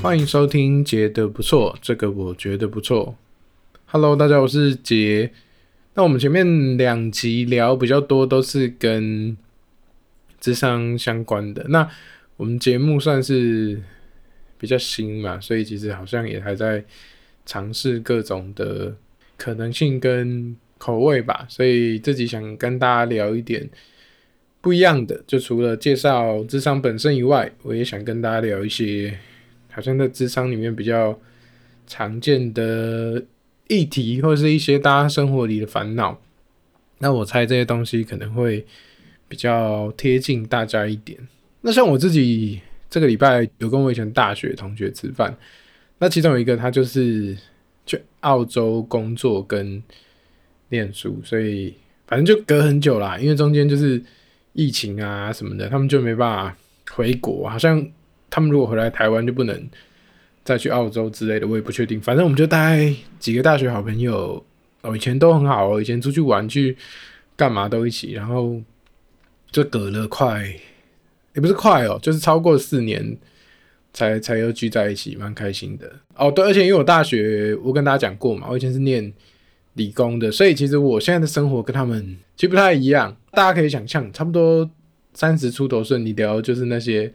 歡迎收聽，傑的不錯，這個我覺得不錯。Hello，大家好，我是傑。那我們前面兩集聊比較多都是跟諮商相關的，那我們節目算是比較新嘛，所以其實好像也還在。嘗試各種的可能性跟口味吧，所以自己想跟大家聊一點不一樣的。就除了介紹諮商本身以外，我也想跟大家聊一些好像在諮商裡面比較常見的議題，或者是一些大家生活裡的煩惱。那我猜這些東西可能會比較貼近大家一點。那像我自己這個禮拜有跟我以前大學同學吃飯。那其中有一個，他就是去澳洲工作跟念書，所以反正就隔很久啦，因為中間就是疫情啊什麼的，他們就沒辦法回國。好像他們如果回來台灣，就不能再去澳洲之類的，我也不確定。反正我們就待幾個大學好朋友，哦，以前都很好哦，以前出去玩去幹嘛都一起，然後就隔了快，也不是快哦，就是超過四年。才才又聚在一起，蠻開心的哦。對，而且因為我大學我跟大家講過嘛，我以前是念理工的，所以其實我現在的生活跟他們其實不太一樣。大家可以想象，差不多三十出頭順，順你聊就是那些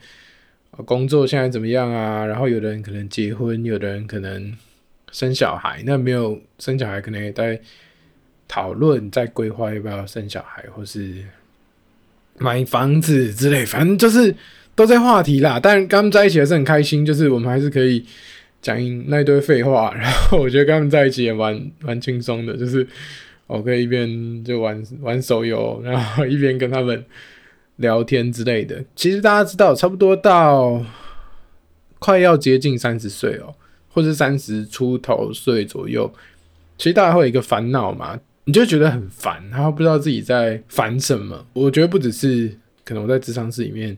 工作現在怎麼樣啊，然後有的人可能結婚，有的人可能生小孩，那沒有生小孩可能也在討論在規劃要不要生小孩，或是買房子之類，反正就是。都在話題啦，但跟他們在一起還是很開心，就是我們還是可以講那一堆廢話。然後我覺得跟他們在一起也蠻蠻輕鬆的，就是我可以一邊就玩玩手遊，然後一邊跟他們聊天之類的。其實大家知道，差不多到快要接近三十歲哦，或是三十出頭歲左右，其實大家會有一個煩惱嘛，你就覺得很煩，然後不知道自己在煩什麼。我覺得不只是可能我在職場室裡面。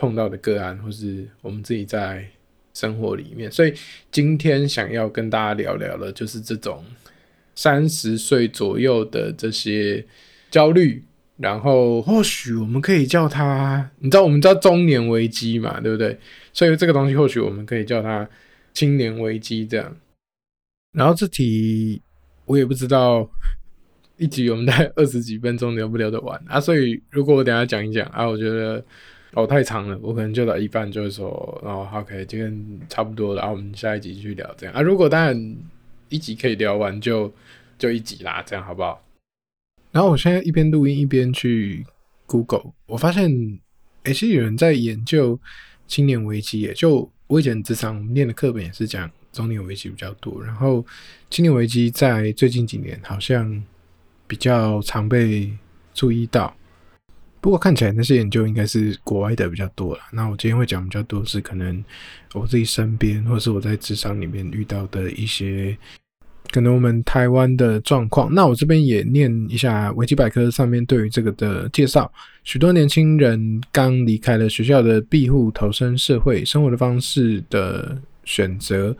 碰到的個案，或是我們自己在生活裡面，所以今天想要跟大家聊聊的，就是這種三十歲左右的這些焦慮，然後或許我們可以叫他，你知道我們叫中年危機嘛，對不對？所以這個東西或許我們可以叫它青年危機這樣。然後這題我也不知道一集我們大概二十幾分鐘，聊不聊得完啊？所以如果我等下講一講啊，我覺得。哦，太長了，我可能就到一半，就是說，哦，OK，今天差不多了，然後我們下一集繼續聊這樣啊。如果當然一集可以聊完就，就就一集啦，這樣好不好？然後我現在一邊錄音一邊去 Google，我發現哎，誒其實有人在研究青年危機耶。就我以前智商，我們念的課本也是講中年危機比較多，然後青年危機在最近幾年好像比較常被注意到。不過看起來那些研究應該是國外的比較多了。那我今天會講比較多是可能我自己身邊，或者是我在職場裡面遇到的一些，可能我們台灣的狀況。那我這邊也念一下維基百科上面對於這個的介紹：許多年輕人剛離開了學校的庇護，投身社會，生活的方式的選擇。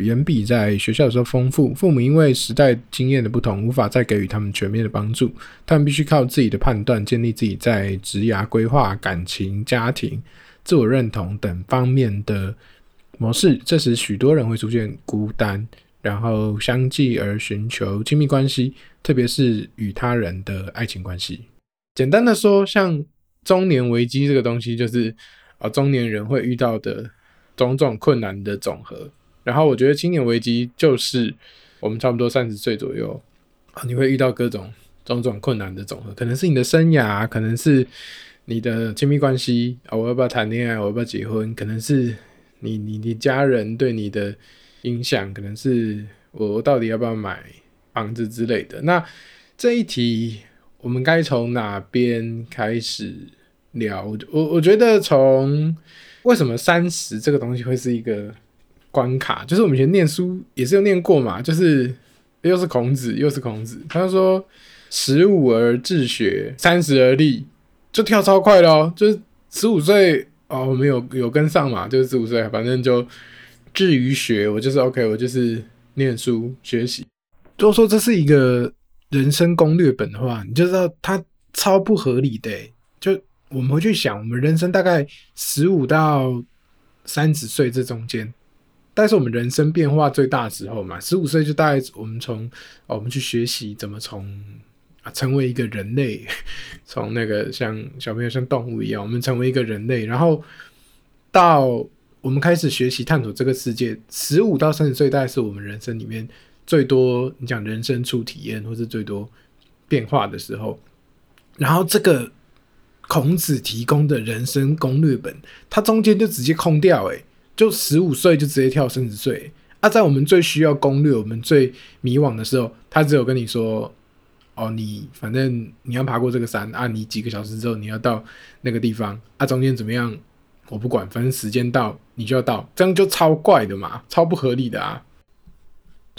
遠比在學校的時候豐富。父母因為時代經驗的不同，無法再給予他們全面的幫助，他們必須靠自己的判斷，建立自己在職涯規劃、感情、家庭、自我認同等方面的模式。這時，許多人會出現孤單，然後相繼而尋求親密關係，特別是與他人的愛情關係。簡單的說，像中年危機這個東西，就是啊，中年人會遇到的種種困難的總和。然後我覺得青年危機就是我們差不多三十歲左右，你會遇到各種種種困難的總和，可能是你的生涯，可能是你的親密關係啊，我要不要談戀愛，我要不要結婚，可能是你你你家人對你的影響，可能是我到底要不要買房子之類的。那這一題我們該從哪邊開始聊？我我覺得從為什麼三十這個東西會是一個。關卡就是我們以前念書也是有念過嘛，就是又是孔子又是孔子，他說十五而志學，三十而立，就跳超快咯哦，就是十五歲哦，我們有有跟上嘛，就是十五歲，反正就至於學，我就是 OK，我就是念書學習。如果說這是一個人生攻略本的話，你就知道它超不合理的。就我們回去想，我們人生大概十五到三十歲這中間。但是我們人生變化最大的時候嘛，十五歲就大概我們從、哦、我們去學習怎麼從啊成為一個人類，從那個像小朋友像動物一樣，我們成為一個人類，然後到我們開始學習探索這個世界，十五到三十歲大概是我們人生裡面最多你講人生初體驗或是最多變化的時候，然後這個孔子提供的人生攻略本，它中間就直接空掉誒、欸。就十五歲就直接跳三十歲啊！在我們最需要攻略，我們最迷惘的時候，他只有跟你說：“哦，你反正你要爬過這個山啊，你幾個小時之後你要到那個地方啊，中間怎麼樣我不管，反正時間到你就要到，這樣就超怪的嘛，超不合理的啊！”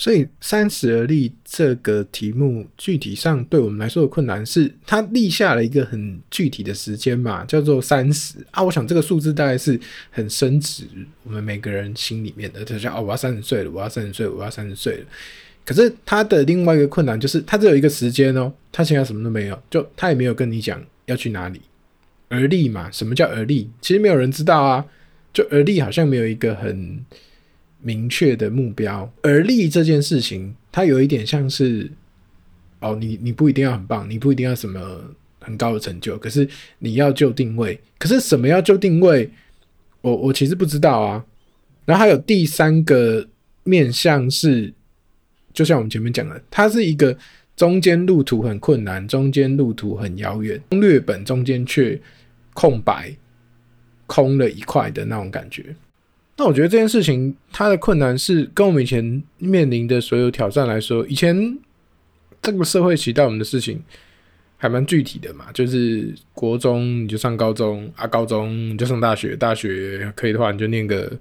所以三十而立這個題目，具體上對我們來說的困難是，他立下了一個很具體的時間嘛，叫做三十啊。我想這個數字大概是很深植我們每個人心裡面的，就像哦，我要三十歲了，我要三十歲，我要三十歲了。可是他的另外一個困難就是，他只有一個時間哦、喔，他現在什麼都沒有，就他也沒有跟你講要去哪裡。而立嘛，什麼叫而立？其實沒有人知道啊，就而立好像沒有一個很。明確的目標，而立這件事情，它有一點像是哦，你你不一定要很棒，你不一定要什麼很高的成就，可是你要就定位，可是什麼要就定位，我我其實不知道啊。然後還有第三個面向是，就像我們前面講的，它是一個中間路途很困難，中間路途很遙遠，攻略本中間卻空白空了一塊的那種感覺。那我覺得這件事情，它的困難是跟我們以前面臨的所有挑戰來說，以前這個社會期待我們的事情還蠻具體的嘛，就是國中你就上高中啊，高中你就上大學，大學可以的話你就念個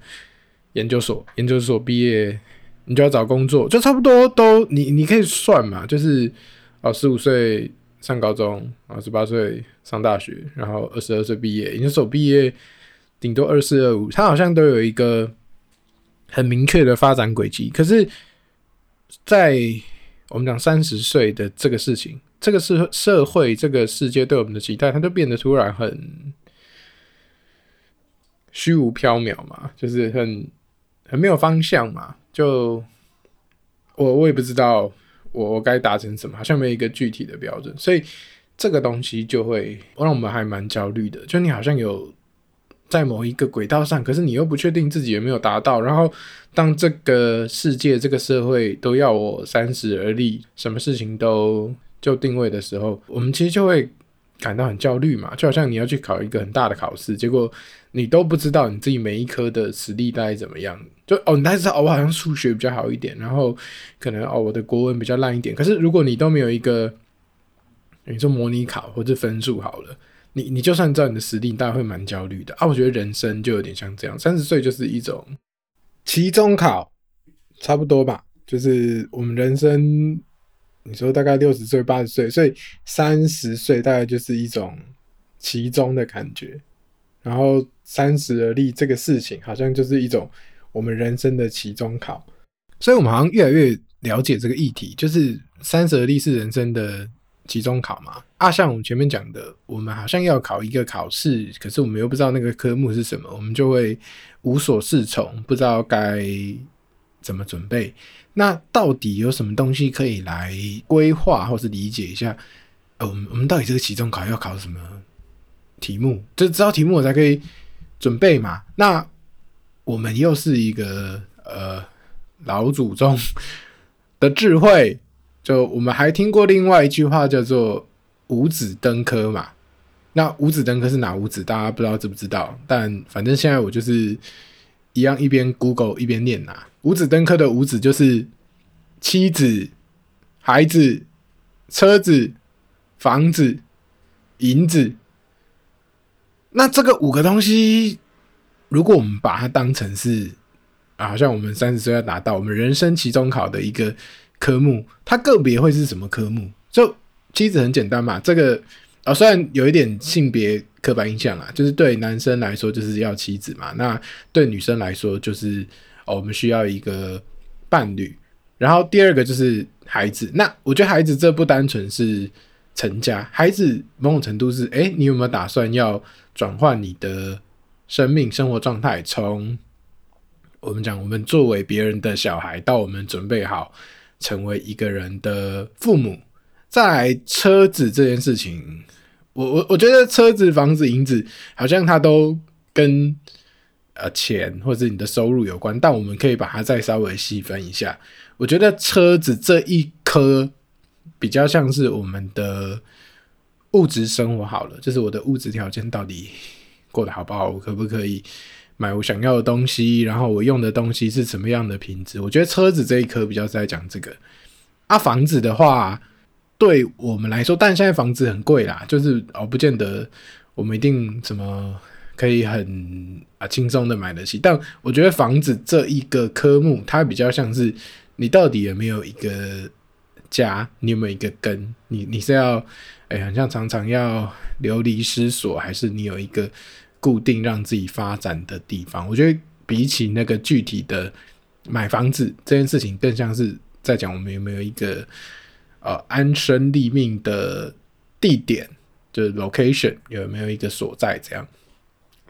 研究所，研究所畢業你就要找工作，就差不多都你你可以算嘛，就是啊十五歲上高中啊，十八歲上大學，然後二十二歲畢業，研究所畢業。頂多二四二五，他好像都有一個很明確的發展軌跡。可是，在我們講三十歲的這個事情，這個是社會這個世界對我們的期待，它就變得突然很虛無縹緲嘛，就是很很沒有方向嘛。就我我也不知道我我該達成什麼，好像沒有一個具體的標準，所以這個東西就會我讓我們還蠻焦慮的。就你好像有。在某一個軌道上，可是你又不確定自己有沒有達到。然後，當這個世界、這個社會都要我三十而立，什麼事情都就定位的時候，我們其實就會感到很焦慮嘛。就好像你要去考一個很大的考試，結果你都不知道你自己每一科的實力大概怎麼樣。就哦，你大概知道哦，我好像數學比較好一點，然後可能哦，我的國文比較爛一點。可是如果你都沒有一個，你說模擬考或者分數好了。你你就算你知道你的實力，你大概會蠻焦慮的啊！我覺得人生就有點像這樣，三十歲就是一種期中考，差不多吧。就是我們人生，你說大概六十歲、八十歲，所以三十歲大概就是一種期中的感覺。然後三十而立這個事情，好像就是一種我們人生的期中考。所以我們好像越來越了解這個議題，就是三十而立是人生的。期中考嘛，啊，像我們前面講的，我們好像要考一個考試，可是我們又不知道那個科目是什麼，我們就會無所適從，不知道該怎麼準備。那到底有什麼東西可以來規劃，或是理解一下？呃，我們我們到底這個期中考要考什麼題目？就知道題目我才可以準備嘛。那我們又是一個呃老祖宗的智慧。就我們還聽過另外一句話叫做“五子登科”嘛？那“五子登科”是哪五子？大家不知道知不知道？但反正現在我就是一樣一邊 Google 一邊念吶。“五子登科”的“五子”就是妻子、孩子、車子、房子、銀子。那這個五個東西，如果我們把它當成是，啊，好像我們三十歲要達到我們人生期中考的一個。科目，它個別會是什麼科目？就其實很簡單嘛，這個啊、哦，雖然有一點性別刻板印象啦，就是對男生來說就是要妻子嘛，那對女生來說就是哦，我們需要一個伴侶。然後第二個就是孩子，那我覺得孩子這不單純是成家，孩子某種程度是誒，你有沒有打算要轉換你的生命生活狀態，從我們講我們作為別人的小孩，到我們準備好。成為一個人的父母。在車子這件事情，我我我覺得車子、房子、銀子，好像它都跟呃錢或者你的收入有關。但我們可以把它再稍微細分一下，我覺得車子這一顆比較像是我們的物質生活好了，就是我的物質條件到底過得好不好，我可不可以？買我想要的東西，然後我用的東西是什麼樣的品質？我覺得車子這一科比較是在講這個。啊，房子的話，對我們來說，但是現在房子很貴啦，就是哦，不見得我們一定怎麼可以很啊輕鬆的買得起。但我覺得房子這一個科目，它比較像是你到底有沒有一個家，你有沒有一個根？你你是要哎，好像常常要流離失所，還是你有一個？固定讓自己發展的地方，我覺得比起那個具體的買房子這件事情，更像是在講我們有沒有一個呃安身立命的地點，就是 location 有沒有一個所在這樣。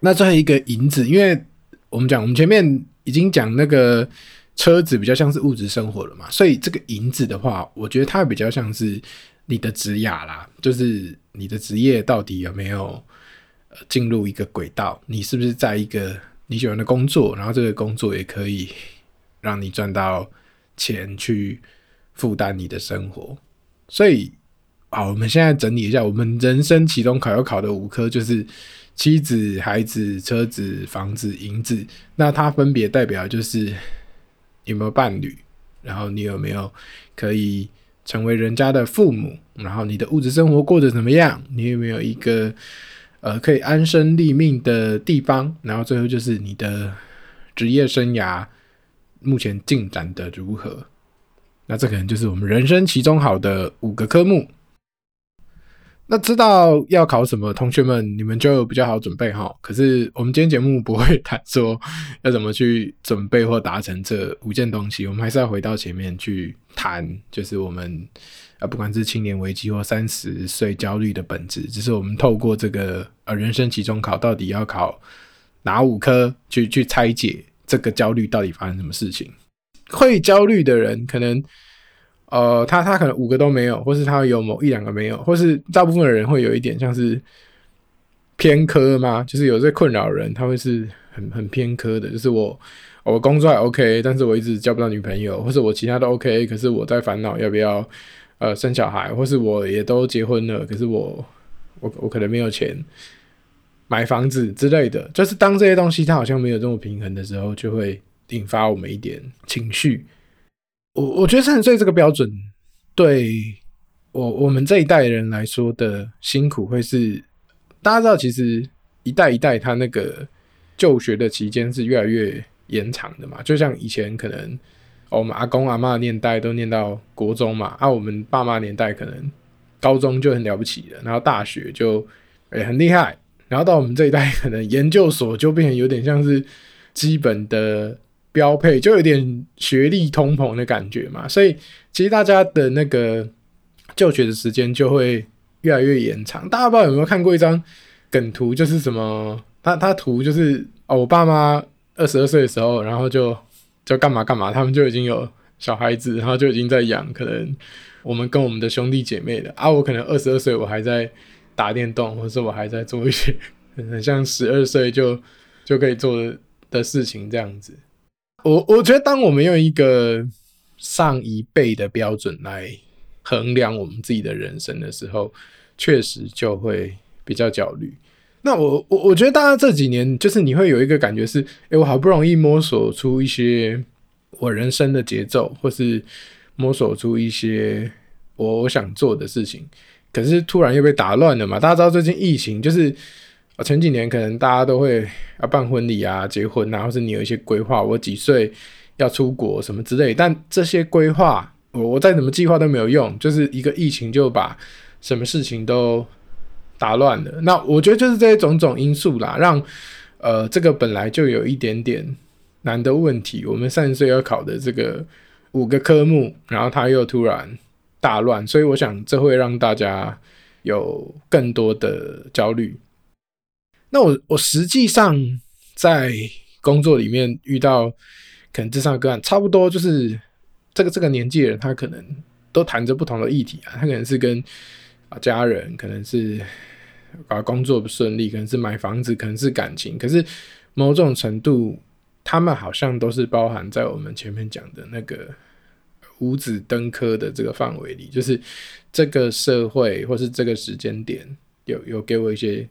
那最後一個銀子，因為我們講我們前面已經講那個車子比較像是物質生活了嘛，所以這個銀子的話，我覺得它比較像是你的職涯啦，就是你的職業到底有沒有？進入一個軌道，你是不是在一個你喜歡的工作？然後這個工作也可以讓你賺到錢去負擔你的生活。所以，好，我們現在整理一下，我們人生期中考要考的五科就是妻子、孩子、車子、房子、銀子。那它分別代表就是有沒有伴侶，然後你有沒有可以成為人家的父母，然後你的物質生活過得怎麼樣？你有沒有一個？呃，可以安身立命的地方，然後最後就是你的職業生涯目前進展的如何？那這可能就是我們人生其中好的五個科目。那知道要考什麼，同學們你們就有比較好準備哈。可是我們今天節目不會談說要怎麼去準備或達成這五件東西，我們還是要回到前面去談，就是我們啊，不管是青年危機或三十歲焦慮的本質，只、就是我們透過這個呃人生期中考到底要考哪五科去，去去拆解這個焦慮到底發生什麼事情。會焦慮的人可能。呃，他他可能五個都沒有，或是他有某一兩個沒有，或是大部分的人會有一點像是偏科嗎？就是有些困擾人，他會是很很偏科的。就是我我工作還 OK，但是我一直交不到女朋友，或是我其他都 OK，可是我在煩惱要不要呃生小孩，或是我也都結婚了，可是我我我可能沒有錢買房子之類的。就是當這些東西它好像沒有這麼平衡的時候，就會引發我們一點情緒。我我覺得三十歲這個標準，對我我們這一代人來說的辛苦會是，大家知道，其實一代一代他那個就學的期間是越來越延長的嘛。就像以前可能我們阿公阿嬤年代都念到國中嘛，啊，我們爸媽年代可能高中就很了不起了，然後大學就、欸、很厲害，然後到我們這一代可能研究所就變成有點像是基本的。標配，就有點學歷通膨的感覺嘛，所以其實大家的那個就學的時間就會越來越延長。大家不知道有沒有看過一張梗圖，就是什麼？他他圖就是哦，我爸媽二十二歲的時候，然後就就幹嘛幹嘛，他們就已經有小孩子，然後就已經在養。可能我們跟我們的兄弟姐妹的啊，我可能二十二歲，我還在打電動，或者是我還在做一些很像十二歲就就可以做的、的事情這樣子。我我覺得，當我們用一個上一輩的標準來衡量我們自己的人生的時候，確實就會比較焦慮。那我我我覺得，大家這幾年就是你會有一個感覺是，誒、欸，我好不容易摸索出一些我人生的節奏，或是摸索出一些我想做的事情，可是突然又被打亂了嘛。大家知道最近疫情就是。前幾年可能大家都會要、啊、辦婚禮啊、結婚啊，或是你有一些規劃，我幾歲要出國什麼之類。但這些規劃，我我再怎麼計劃都沒有用，就是一個疫情就把什麼事情都打亂了。那我覺得就是這些種種因素啦，讓呃這個本來就有一點點難的問題，我們三十歲要考的這個五個科目，然後它又突然大亂，所以我想這會讓大家有更多的焦慮。那我我實際上在工作裡面遇到可能智商個案，差不多就是這個這個年紀的人，他可能都談着不同的議題啊，他可能是跟啊家人，可能是啊工作不順利，可能是買房子，可能是感情，可是某種程度他們好像都是包含在我們前面講的那個五子登科的這個範圍裡，就是這個社會或是這個時間點有有給我一些。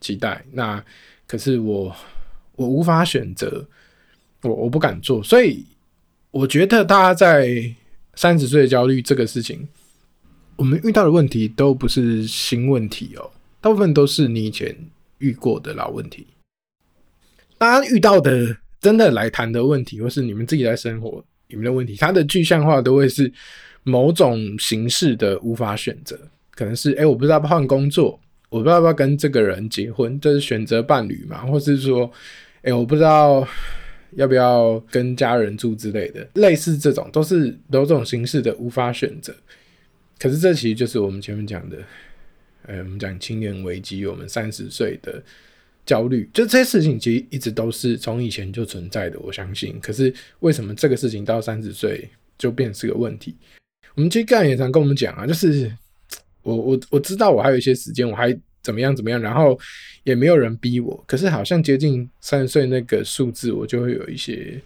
期待那，可是我我無法選擇，我我不敢做，所以我覺得大家在三十歲焦慮這個事情，我們遇到的問題都不是新問題哦，大部分都是你以前遇過的老問題。大家遇到的真的來談的問題，或是你們自己在生活裡面的問題，它的具象化都會是某種形式的無法選擇，可能是哎、欸、我不知道要換工作。我不知道要不要跟這個人結婚，就是選擇伴侶嘛，或是說，哎、欸，我不知道要不要跟家人住之類的，類似這種都是都這種形式的無法選擇。可是這其實就是我們前面講的，誒、呃、我們講青年危機，我們三十歲的焦慮，就這些事情其實一直都是從以前就存在的，我相信。可是為什麼這個事情到三十歲就變成是個問題？我們其實剛也常跟我們講啊，就是。我我我知道我還有一些時間，我還怎麼樣怎麼樣，然後也沒有人逼我，可是好像接近三十歲那個數字，我就會有一些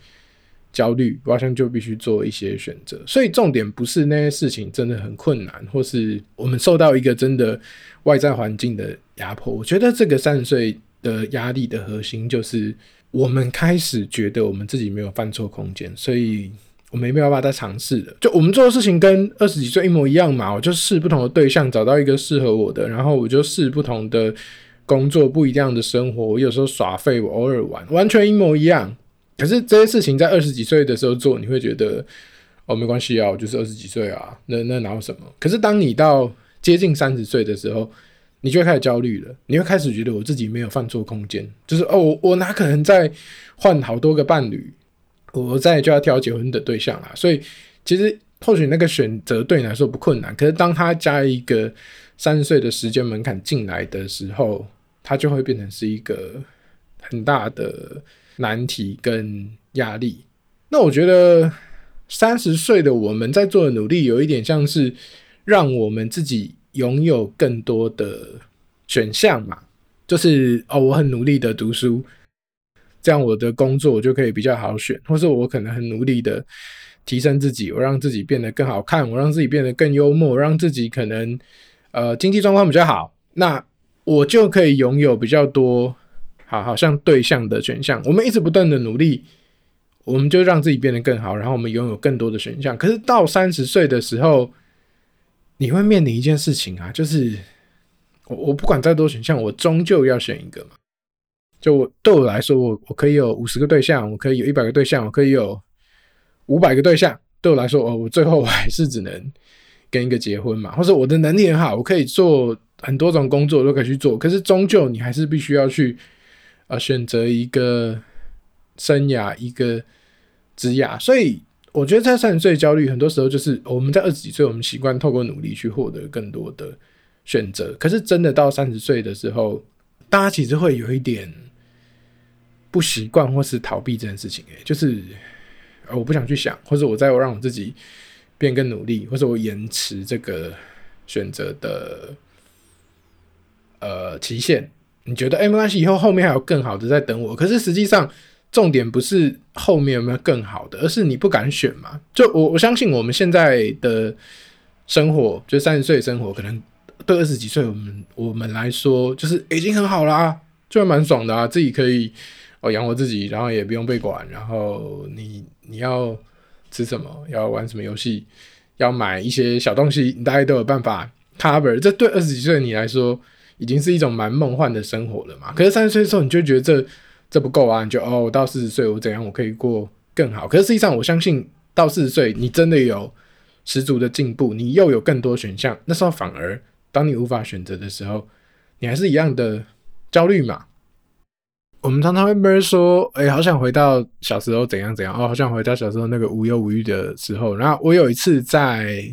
焦慮，我好像就必須做一些選擇。所以重點不是那些事情真的很困難，或是我們受到一個真的外在環境的壓迫。我覺得這個三十歲的壓力的核心就是，我們開始覺得我們自己沒有犯錯空間，所以。我沒辦法再嘗試了。就我們做的事情跟二十幾歲一模一樣嘛。我就試不同的對象，找到一個適合我的，然後我就試不同的工作，不一樣的生活。我有時候耍廢，我偶爾玩，完全一模一樣。可是這些事情在二十幾歲的時候做，你會覺得哦沒關係啊，我就是二十幾歲啊，那那哪有什麼？可是當你到接近三十歲的時候，你就會開始焦慮了，你會開始覺得我自己沒有犯錯空間，就是哦我，我哪可能再換好多個伴侶？我再就要挑結婚的對象啦，啊，所以其實或許那個選擇對你來說不困難，可是當他加一個三十歲的時間門檻進來的時候，他就會變成是一個很大的難題跟壓力。那我覺得三十歲的我們在做的努力，有一點像是讓我們自己擁有更多的選項嘛，就是哦，我很努力的讀書。這樣我的工作我就可以比較好選，或是我可能很努力的提升自己，我讓自己變得更好看，我讓自己變得更幽默，讓自己可能呃經濟狀況比較好，那我就可以擁有比較多好好像對象的選項。我們一直不斷的努力，我們就讓自己變得更好，然後我們擁有更多的選項。可是到三十歲的時候，你會面臨一件事情啊，就是我我不管再多選項，我終究要選一個嘛。就我對我來說，我我可以有五十個對象，我可以有一百個對象，我可以有五百個對象。對我來說，哦，我最後我還是只能跟一個結婚嘛。或者我的能力很好，我可以做很多種工作都可以去做。可是終究你還是必須要去啊、呃、選擇一個生涯一個職涯。所以我覺得在三十歲焦慮，很多時候就是我們在二十幾歲，我們習慣透過努力去獲得更多的選擇。可是真的到三十歲的時候，大家其實會有一點。不習慣或是逃避這件事情，欸，誒，就是，啊，我不想去想，或者我再讓我自己變更努力，或者我延遲這個選擇的呃期限。你覺得，欸，沒關係，以後後面還有更好的在等我。可是實際上，重點不是後面有沒有更好的，而是你不敢選嘛。就我我相信，我們現在的生活，就三十歲生活，可能對二十幾歲我們我們來說，就是，欸，已經很好啦，啊，就蠻爽的啊，自己可以。哦，養活自己，然後也不用被管。然後你你要吃什麼，要玩什麼遊戲，要買一些小東西，你大概都有辦法 cover。這對二十幾歲的你來說，已經是一種蠻夢幻的生活了嘛。可是三十歲的時候，你就覺得這這不夠啊！你就哦，到四十歲我怎樣我可以過更好？可是實際上，我相信到四十歲你真的有十足的進步，你又有更多選項。那時候反而，當你無法選擇的時候，你還是一樣的焦慮嘛。我們常常會被人說：“哎、欸，好想回到小時候，怎樣怎樣哦，好想回到小時候那個無憂無慮的時候。”然後我有一次在，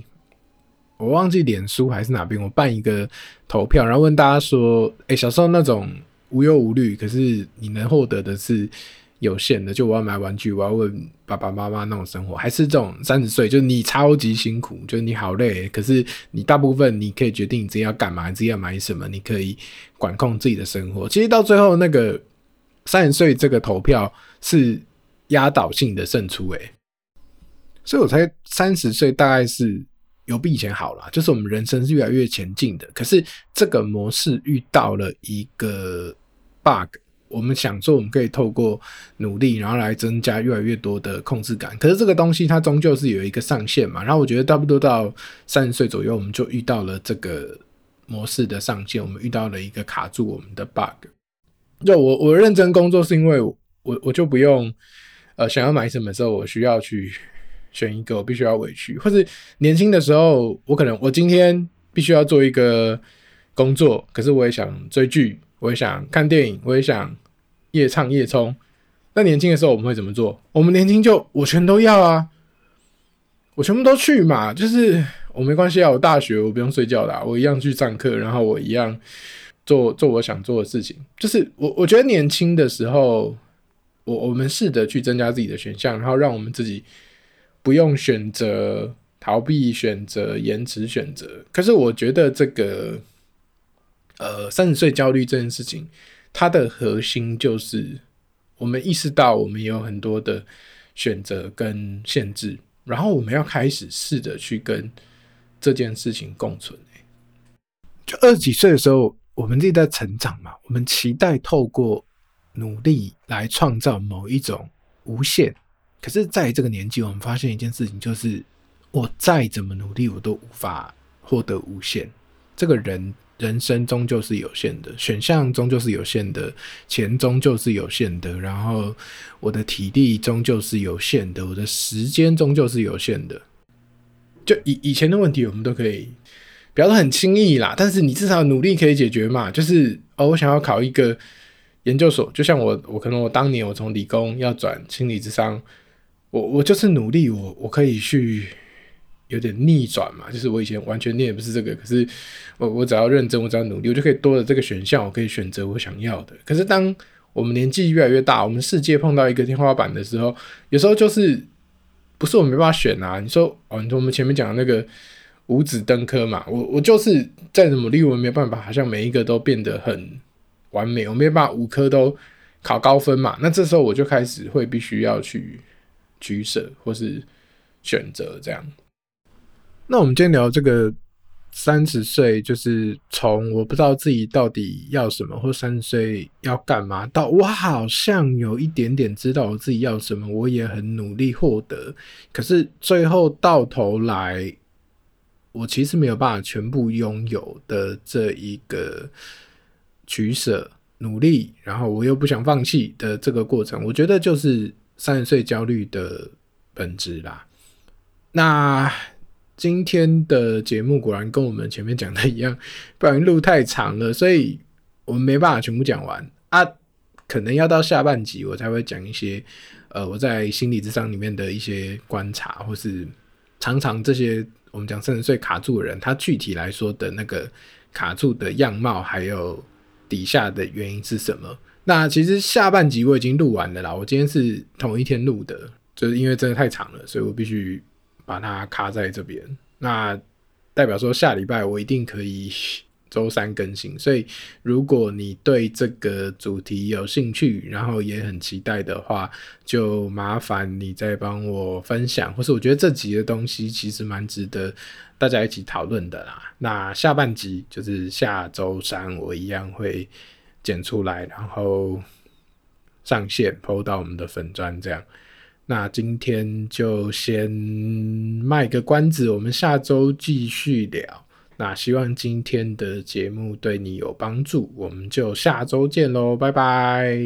我忘記臉書還是哪邊，我辦一個投票，然後問大家說：“哎、欸，小時候那種無憂無慮，可是你能獲得的是有限的，就我要買玩具，我要問爸爸媽媽那種生活，還是這種三十歲，就是你超級辛苦，就是你好累，可是你大部分你可以決定你自己要幹嘛，你自己要買什麼，你可以管控自己的生活。其實到最後那個。”三十歲這個投票是壓倒性的勝出，誒，所以我猜三十歲大概是有比以前好啦。就是我們人生是越來越前進的。可是這個模式遇到了一個 bug，我們想說我們可以透過努力，然後來增加越來越多的控制感。可是這個東西它終究是有一個上限嘛。然後我覺得差不多到三十歲左右，我們就遇到了這個模式的上限，我們遇到了一個卡住我們的 bug。就我，我認真工作是因為我，我就不用，呃，想要買什麼時候我需要去選一個，我必須要委屈。或者年輕的時候，我可能我今天必須要做一個工作，可是我也想追劇，我也想看電影，我也想夜唱夜衝。那年輕的時候我們會怎麼做？我們年輕就我全都要啊，我全部都去嘛。就是我沒關係啊，我大學我不用睡覺的啊，我一樣去上課，然後我一樣。做做我想做的事情，就是我我覺得年輕的時候，我我們試着去增加自己的選項，然後讓我們自己不用選擇、逃避選擇、延遲選擇。可是我覺得這個，呃，三十歲焦慮這件事情，它的核心就是我們意識到我們也有很多的選擇跟限制，然後我們要開始試着去跟這件事情共存。欸。就二十幾歲的時候。我們自己在成長嘛，我們期待透過努力來創造某一種無限。可是，在這個年紀，我們發現一件事情，就是我再怎麼努力，我都無法獲得無限。這個人人生終究是有限的，選項終究是有限的，錢終究是有限的，然後我的體力終究是有限的，我的時間終究是有限的。就以以前的問題，我們都可以。聊得很輕易啦，但是你至少努力可以解決嘛。就是哦，我想要考一個研究所，就像我我可能我當年我從理工要轉心理智商，我我就是努力，我我可以去有點逆轉嘛。就是我以前完全念也不是這個，可是我我只要認真，我只要努力，我就可以多了這個選項，我可以選擇我想要的。可是當我們年紀越來越大，我們世界碰到一個天花板的時候，有時候就是不是我沒辦法選啊。你說哦，你說我們前面講那個。五子登科嘛，我我就是再怎麼力我沒有辦法，好像每一個都變得很完美，我沒有辦法五科都考高分嘛。那這時候我就開始會必須要去取捨或是選擇這樣。那我們今天聊這個三十歲，就是從我不知道自己到底要什麼，或三十歲要幹嘛，到我好像有一點點知道我自己要什麼，我也很努力獲得，可是最後到頭來。我其實沒有辦法全部擁有的這一個取舍努力，然後我又不想放棄的這個過程，我覺得就是三十歲焦慮的本質啦。那今天的節目果然跟我們前面講的一樣，不然路太長了，所以我們沒辦法全部講完啊，可能要到下半集我才會講一些，呃，我在心理諮商裡面的一些觀察，或是常常這些。我們講三十歲卡住的人，他具體來說的那個卡住的樣貌，還有底下的原因是什麼？那其實下半集我已經錄完了啦，我今天是同一天錄的，就是因為真的太長了，所以我必須把它卡在這邊。那代表說下禮拜我一定可以。週三更新，所以如果你對這個主題有興趣，然後也很期待的話，就麻煩你再幫我分享，或是我覺得這集的東西其實蠻值得大家一起討論的啦。那下半集就是下週三，我一樣會剪出來，然後上線 po 到我們的粉專這樣。那今天就先賣個關子，我們下週繼續聊。那希望今天的節目對你有幫助，我們就下週見嘍，拜拜。